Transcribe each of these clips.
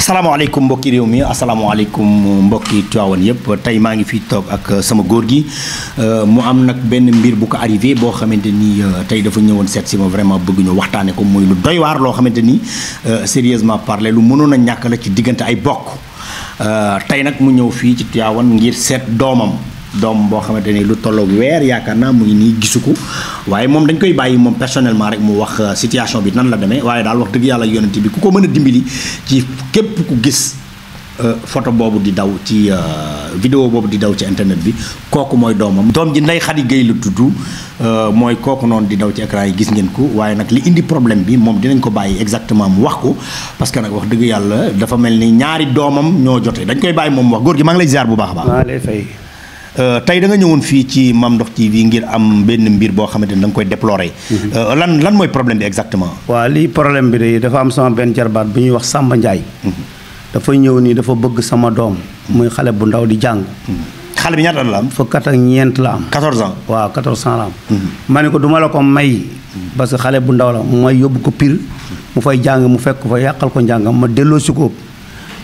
asalaamaaleykum mbokki réew mi asalaamaaleykum mbokki Tiwaawan yëpp tey maa ngi fi toog ak uh, sama góor gi uh, mu am nag benn mbir bu ko arrivé boo xamante ni uh, tey dafa ñëwoon seet si ma vraiment bëgg ñu waxtaane ko muy lu doy waar loo xamante ni sérieusement parle lu mënoon a ñàkk la ci diggante ay bokk tey nag mu ñëw fii ci Tiwaawan ngir seet doomam doom boo xamante ni lu tolloog weer yaakaar naa mu ngi nii gisu ko waaye moom dañ koy bàyyi moom personnellement rek mu wax euh, situation bi nan la demee waaye daal wax dëgg yàlla yonent bi ku ko mën a dimbali ci képp ku gis euh, photo boobu di daw ci euh, vidéo boobu di daw ci internet bi kooku mooy doomam doom ji Ndeye Khady Gueye lu tudd mooy kooku noonu di daw ci écran yi gis ngeen ko waaye nag li indi problème bi moom dinañ ko bàyyi exactement mu wax ko parce que nag wax dëgg yàlla dafa mel ni ñaari doomam ñoo jote dañ koy bàyyi moom wax góor gi maa ngi lay baax a lay fay. Euh, tey da ñëwoon fii ci ndox Ndokh bii ngir am benn mbir boo xamante ni da koy déplorer. Mhm. Euh, lan lan mooy problème bi exactement. waa lii problème bi de dafa am sama benn jarbaat bu ñuy wax Samba Ndiaye. Mhm. dafa ñëw nii dafa bëgg sama doom. muy xale bu ndaw di jàng. Mhm. xale bi ñaata at la am. fukkat ak ñeent la am. 14 ans waaw 14 ma ne ko duma la ko may. parce que xale bu ndaw la mooy yóbbu ko pire. mu fay jàng mu fekk fa yàqal ko njàngam ma delloo si ko.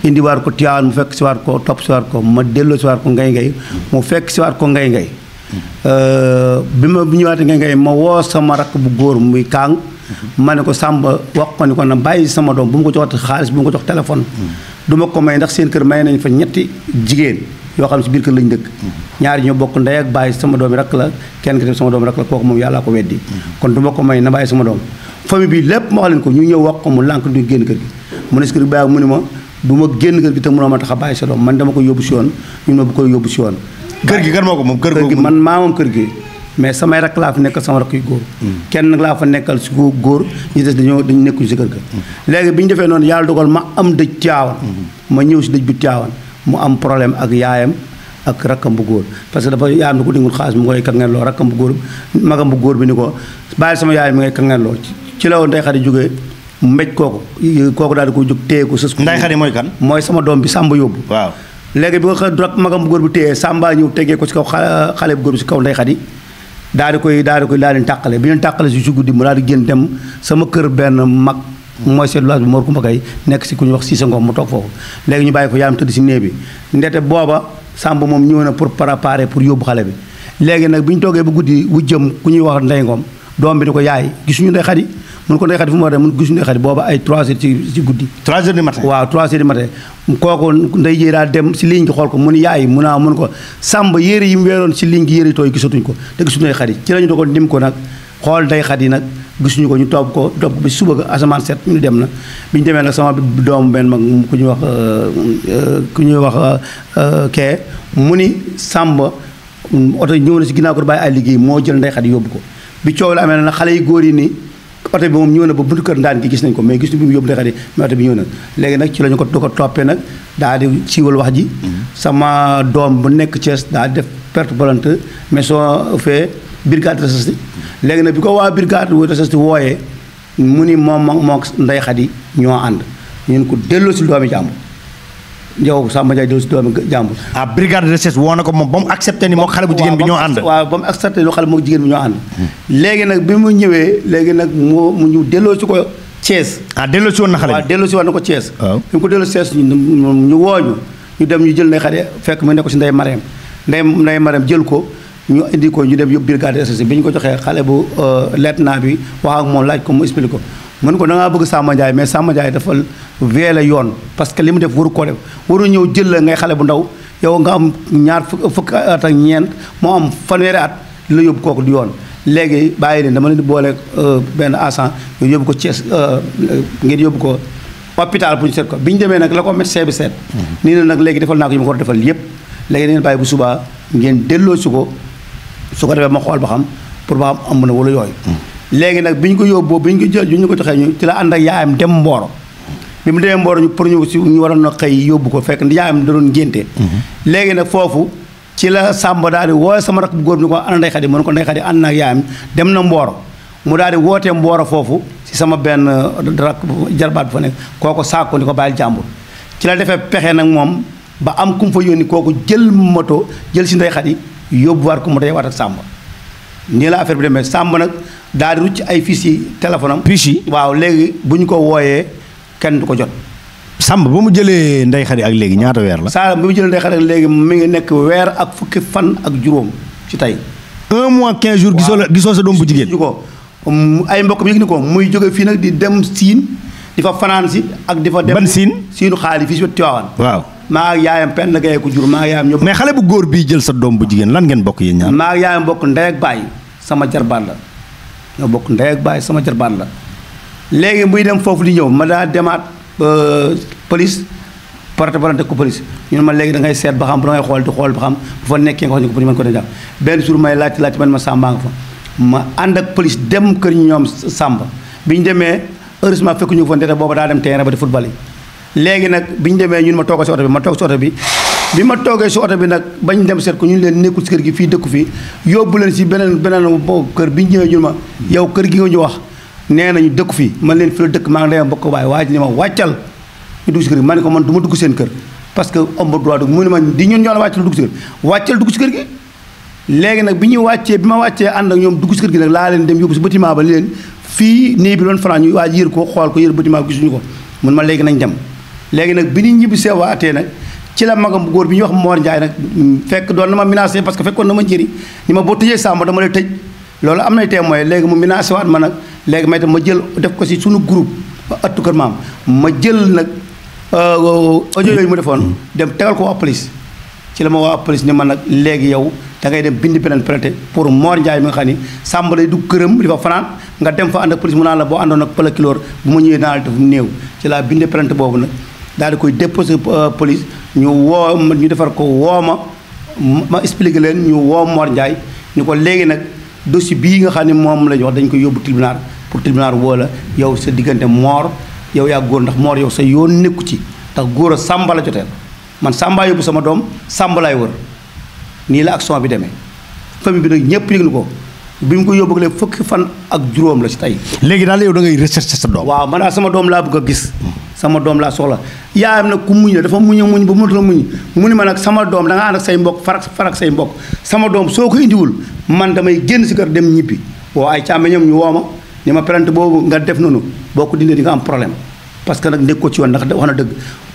indi waar ko Tiwaawan mu fekk si waar ko topp si waar ko ma delloo si waar ko ngay ngay mu fekk si waar ko ngay ngay euh, bi ma bi ñëwaatee ngay ngay ma woo sama rakk bu góor muy kaang ma ne ko sàmba wax ko ni ko na bàyyi sama doom bu mu ko joxati xaalis bu ko jox téléphone du ko may ndax seen kër may nañ fa ñetti jigéen yoo xam si biir kër lañ dëkk ñaari ñoo bokk ndey ak bàyyi sama doom yi rakk la kenn ki sama doom rakk la kooku moom yàllaa ko weddi kon du ko may na bàyyi sama doom famille bi lépp ma wax leen ko ñu ñëw wax ko mu lànk du génn kër gi mu ne si kër gi bàyyi mu ni ma du ma génn kër gi te mënoo ma tax a bàyyi sa doom man dama ko yóbbu si woon ñun ma bu ko yóbbu si woon. kër gi kan moo ko moom kër gi man maa moom kër gi. mais samay rakk laa fa nekkal sama rakk yu góor. Hmm. kenn laa fa nekkal si ko góor ñu dañoo dañu nekku si kër hmm. léegi bi ñu defee noonu yàlla dogal ma am dëj caawan. Hmm. ma ñëw si dëj bi caawan mu am problème ak yaayam ak rakkam bu góor parce que dafa yaayam ni ko dingul xaalis mu koy kangeen loo rakkam bu góor magam bu góor bi ni ko bàyyi sama yaayam mi ngay kangeen loo ci la woon tey xarit jógee mbéj kooku kooku daal di ko jóg téye ko sës ko. nday xari mooy kan. mooy sama doom bi Samba yóbbu. waaw léegi bi nga xam ne magam bu góor bi téye Samba ñëw tegee ko si kaw xale bu góor bi si kaw nday xari daal di koy daal di koy daal di bi ñu tàqale si si guddi mu daal génn dem sama kër benn mag. mooy seet village bi Mor Kumba Kay nekk si ku ñuy wax Cissé Ngom mu toog foofu léegi ñu bàyyi ko yaayam tëdd si néeg bi ndete booba Samba moom ñëw na pour préparer pour yóbbu xale bi léegi nag bi ñu toogee ba guddi wu jëm ku ñuy wax Ndey Ngom doom bi di ko yaay gisuñu Ndey Xadi mun ko ndey xadi fu mu war a dem mun gis ndey xadi booba ay 3 heures ci ci guddi 3 heures du matin waaw 3 heures du matin kooku ndey jëy daal dem si ligne gi xool ko mun yaay mun mun ko sàmb yére yi mu weeroon si ligne gi yére tooy gisatuñ ko te gisuñu ndey xadi ci lañu ko nag xool ndey xadi nag gisuñu ko ñu topp ko topp bi suba ga asamaan set ñu dem na bi ñu demee nag sama doomu benn mag ku ñuy wax euh, ku ñuy wax euh, kee mu ni sàmba oto ñëw na si ginnaaw ko bàyyi ay liggéey moo jël ndey xadi yóbbu ko bi coow na xale yi góor yi ni oto bi moom ñëw na ba buntu kër ndaan gi gis nañ ko mais gis ñu bi mu yóbbu Ndakaaru mais oto bi ñëw na léegi nag ci la ko du ko toppee nag daa di siiwal wax ji mhm. sama doom bu nekk Thiès daa def perte volonté mais soo fee brigade recherche mhm. léegi nag bi ko waa brigade recherche wooyee mu ni moom moo nday xat yi ñoo ànd ñun ko delloo si doomi jàmbur yow Samba Ndiaye doo si doomi jàmbur ah brigade recherche woo ko moom ba mu accepté ni moo xale bu jigéen bi ñoo ànd moo jigéen bi ñoo ànd léegi nag bi mu ñëwee léegi nag moo mu ñu delloo si ko Thiès ah delloo si woon na xale si woon na ko Thiès waaw bi mu ko delloo si Thiès ñu wooñu ñu dem ñu jël na xale fekk mu nekk si Ndeye Marème Ndeye Ndeye Marème jël ko ñu indi ko ñu dem yóbbu brigade de recherche bi ñu ko joxee xale bu euh, lieutenant bi wax ak moom laaj ko mu expliqué ko mën ko da bëgg Samba mais Samba Ndiaye dafa veele yoon parce que li mu def waru ko def waru ñëw jël la ngay xale bu ndaw yow nga am ñaar fukk at ak ñeent moo am fanweeri at la yóbbu kooku du yoon léegi bàyyi leen dama leen di boole euh, benn agent ngeen yóbbu ko Thiès euh, ngeen yóbbu ko hôpital bu ñu seet ko bi ñu demee nag la ko médecin bi seet nii hmm. ne nag léegi defal naa ko yi ma ko war defal yépp léegi da ngeen bàyyi bu subaa ngeen delloo si ko su ko defee ma xool ba xam pour ba xam am na wala yooyu hmm. léegi nag bi ñu ko yóbboo bi ñu ko jël ñu ko joxee ñu ci la ànd ak dem Mboro bi mu demee Mboro ñu pour ñu si ñu waroon a xëy yóbbu ko fekk yaayam da doon mhm. léegi nag foofu ci la Samba daal di woo sama rakk góor bi ko ana Ndey Xadi mu ne ko Ndey Xadi ànd naa ak yaayam dem na Mboro mu daal di wootee Mboro foofu si sama benn rakk jarbaat bu fa nekk saako ni ko bàyyil jàmbur ci la defee pexe nag moom ba am ku mu fa kooku jël moto jël si Ndey Xadi yóbbuwaat ko mu day waat ak nii la affaire bi demee sàmba nag daal di rucc ay fiches yi téléphone am. yi waaw léegi bu ñu ko wooyee kenn du ko jot. Samb ba mu jëlee Ndeye Khady ak léegi ñaata weer la. saa ba mu jëlee Ndeye Khady ak léegi mi ngi nekk weer ak fukki fan ak juróom ci tey. un mois 15 jours. gisoo la gisoo sa doom bu jigéen. ko um, ay mbokk mi yëg ni ko muy jóge fii nag di dem siin di fa fanaan si ak di fa. dem ban siin siinu xaalis fii si Tiwaawan. waaw. maa ak yaayam pen gay jur maa ak yaayam ñëpp. mais xale bu góor bii jël sa doom bu jigéen lan ngeen bokk yéen ñaar. maa ak yaayam bokk ndey ak baay sama jarbaat la. ñoo bokk ndey ak baay sama jarbaan la léegi muy dem foofu di ñëw ma daa demaat police porte plainte ko police ñun ma léegi da ngay seet ba xam da ngay xool di xool ba xam bu fa nekkee nga wax ñu ko pour ñu mën ko ne jàpp benn jour may laajte laajte man ma sàmbaa nga fa ma ànd ak police dem kër ñoom sàmba bi ñu demee heureusement fekk ñu fa ndete booba daa dem terrain ba di football yi léegi nag bi ñu demee ñun ma toog si oto bi ma toog si oto bi bi ma toogee si oto bi nag bañ dem seet ko ñu leen nekkul si kër gi fii dëkku fii yóbbu leen si beneen beneen bo kër bi ñu ñëwee ñu ma yow kër gi nga ñu wax nee nañu dëkku fii man leen fi la dëkk maa ngi waaye waa ji ne ma wàccal ñu dugg ma ne ko man du ma dugg seen kër parce que homme de droit dugg ma di ñun ñoo la wàccal dugg si kër wàccal gi léegi nag bi ñu wàccee bi ma wàccee ànd ak ñoom dugg si kër gi nag laa leen dem yóbbu si bâtiment ba li leen fii nii bi doon fanaan ñu waa ji yër ko xool ko yër bâtiment bi gisuñu ko mun ma léegi nañ dem léegi nag bi ñu ñibbi see waatee nag ci la magam góor bi ñu wax Mor Ndiaye nag mm, fekk doon na ma menacé que fekkoon na ma ni ma boo tëjee Samba dama lay tëj loolu am na mooy léegi mu menacé waat ma nag léegi may tam ma jël def ko si suñu group ëttu kër maam ma jël nag euh, euh, audio yooyu mu defoon dem tegal ko waa ci la ma waa police ni ma nag léegi yow da ngay dem bind beneen plainte pour Mor Ndiaye mi nga xam ni Samba lay dugg këram di fa fanaan nga dem fa ànd ak police mu naan la boo àndoon ak pëlakiloor bu ma ñëwee naa la def néew ci laa bind plainte boobu nag daal di koy déposé euh, police ñu woo ñu defar ko woo ma ma expliqué leen ñu woo Mor Ndiaye ñu ko léegi nag dossier bii nga xam ne moom la ñu wax dañ koy yóbbu tribunal pour tribunal woo la yow sa diggante Mor yow yaa góor ndax Mor yow sa yoon nekku ci ndax góor a Samba la joteel man Samba yóbbu sama doom Samba laay wër nii la action bi demee famille bi nag ñëpp yëg na ko. bi mu ko yóbbu léegi fukki fan ak juróom la ci tey. léegi daal yow da ngay sa doom. waaw man sama doom laa bëgg a gis. sama doom laa soxla yaayam nag ku muñ la dafa muñ a muñ ba mënut muñ mu ne ma nag sama doom da nga say mbokk farak farak say sama doom soo ko indiwul man damay génn si kër dem ñibbi woo ay càmmeñam ñu woo ni ma plainte boobu nga def noonu boo ko dindee di nga am problème parce que nag nekk ko ci yoon ndax de wax na dëgg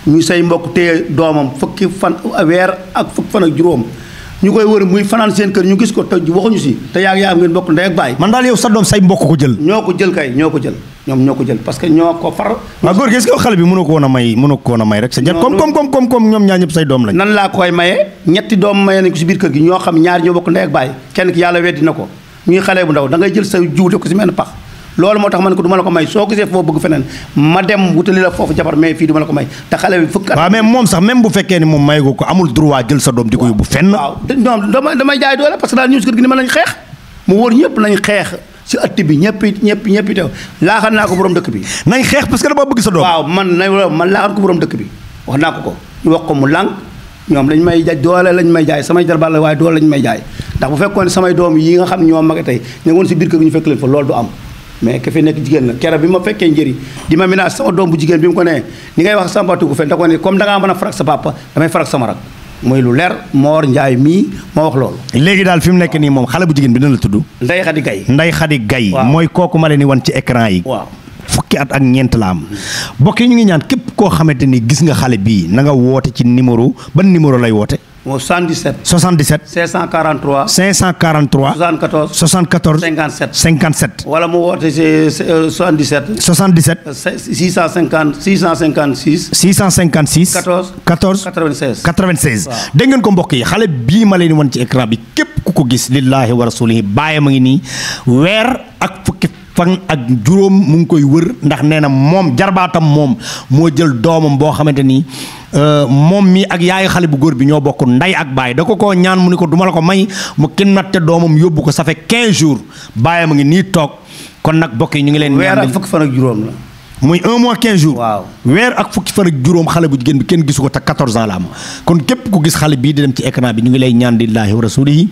ñu say mbokk te doomam fukki fan weer ak fukki fan ak juróom. ñu koy wër muy fanaan seen kër ñu gis ko te waxuñu si te yaa yaa ngeen bokk ndey ak baay. man daal yow sa doom say mbokk ko jël. ñoo ko jël kay ñoo ko jël ñoom ñoo ko jël parce que ñoo ko far. waaw góor gi est-ce que xale bi mënoo ko woon a may mënoo ko woon a may rek. sa njëkk comme comme comme comme ñoom ñaar ñëpp say doom lañ. nan laa koy maye ñoo xam ñaar ñoo bokk ndey ak baay kenn ki yàlla weddi na ko ñuy xale bu ndaw da ngay jël sa jiw def ko si menn pax loolu moo tax man ko du ma la ko may soo gisee foo bëgg feneen ma dem wutali la foofu jabar mais fii du ma la ko may te xale bi fukk waaw waaw bi ñëpp ñëpp ñëpp teew laaxan naa dëkk bi nañ xeex parce que dama bëgg sa doom waaw man nañ wax naa ko ko wax ko mu lànk ñoom lañ may jaay doole lañ may jaay samay jarbaat la waaye doole lañ may jaay ndax bu fekkoon samay doom yi nga xam ñoom mag tey ñu woon si biir kër ñu fekk leen fa loolu du am mais ka fi nekk jigéen la kera bi ma fekkee njëri di ma ménage sama doom bu jigéen bi mu ko nee ni ngay wax sama batu ko fen da ko ne comme da ngaa mën a farak sa papa damay farak sama rak mooy lu leer Mor njaay mii moo wax loolu. léegi daal fi mu nekk nii moom xale bu jigéen bi dina la tudd. Ndeye Khady Gaye Ndeye Khady Gaye mooy kooku ma leen di wan ci écran yi. waaw fukki at ak ñeent la am. mbokk yi ñu ngi ñaan képp koo xamante ni gis nga xale bii nanga nga woote ci numéro ban numéro lay woote. moo 77. 77. 543. 543. 74. 74. 57. 57. wala mu woote si 77. 77. 650 656. 656. 14. 14. 96. 96. waaw dégg ngeen ko mbokk yi xale bii ma leen wan ci écran bi képp ku ko gis lillaahi wa rasulihi bàyyi ma ngi nii weer ak fukki. fan ak juróom mu ngi koy wër ndax nee na moom jarbaatam moom moo jël doomam boo xamante ni euh, moom mi ak yaayu xale bu góor bi ñoo bokk nday ak baay da ko koo ñaan mu ni ko duma la ko may mu kinnatte doomam yóbbu ko ça fait 15 jours baayam a ngi nii toog kon nag bokk yi ñu ngi leen. weer ak fukki fan ak juróom un mois 15 jours. waaw weer ak fukki xale bu jigéen kenn gisu ko te 14 ans la ku gis xale bii di dem ci écran bi ñu ngi lay ñaan di laahi wa rasulihi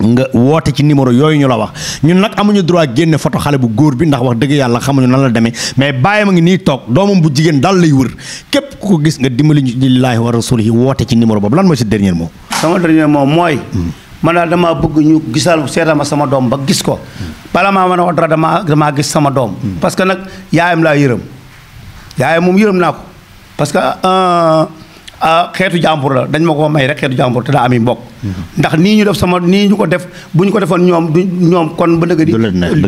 nga woote ci numéro yooyu ñu la wax ñun nag amuñu droit génne photo xale bu góor bi ndax wax dëgg yàlla xamuñu nan la demee mais bàyyi ma ngi nii toog doomam bu jigéen daal lay wër képp ku ko gis nga dimbali ñu lillaahi wa rasulihi woote ci numéro boobu lan mooy si dernier mot. sama dernier mot mooy. Hmm. man daal damaa bëgg ñu gisal seetal ma sama doom ba gis ko. Hmm. bala maa mën a wax dara damaa gis sama doom. Hmm. parce que nag yaayam laa yërëm. yaayam moom yërëm naa ko Ah, xeetu jàmbur la dañ ma ko may rek xeetu jàmbur te daa am i mbokk ndax nii ñu def sama nii ñu ko def bu ñu ko defoon ñoom du ñoom kon ba dëgg di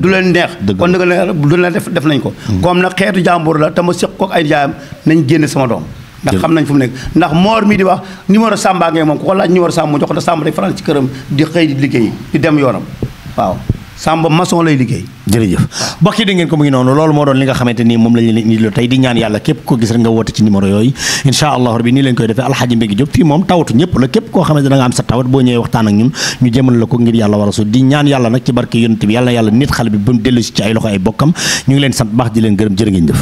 du leen neex kon dëgg la du leen def def nañ ko mm-hmm. comme nag xeetu jàmbur la te ma séq ko ay jaayam nañ génne sama doom ndax xam nañ fu mu nekk ndax moor mi di wax numéro Samba ngay moom ku ko laaj numéro Samba mu jox ko te Samba day faral ci këram di xëy di liggéey di dem yoonam waaw Samba maçon lay liggéey. jërëjëf mbokk yi di ko mu ngi noonu loolu moo doon li nga xamante ni moom la ñu leen indi tey di ñaan yàlla képp ko gis rek nga woote ci numéro yooyu incha allah rabbi nii lañ koy defee alxaaji Mbégi Diop fii moom tawatu ñëpp la képp koo xamante da nga am sa tawat boo ñëwee waxtaan ak ñun ñu jëmal la ko ngir yàlla war a su di ñaan yàlla nag ci barke yonent bi yàlla yàlla nit xale bi bu mu dellu si ci ay loxo ay bokkam ñu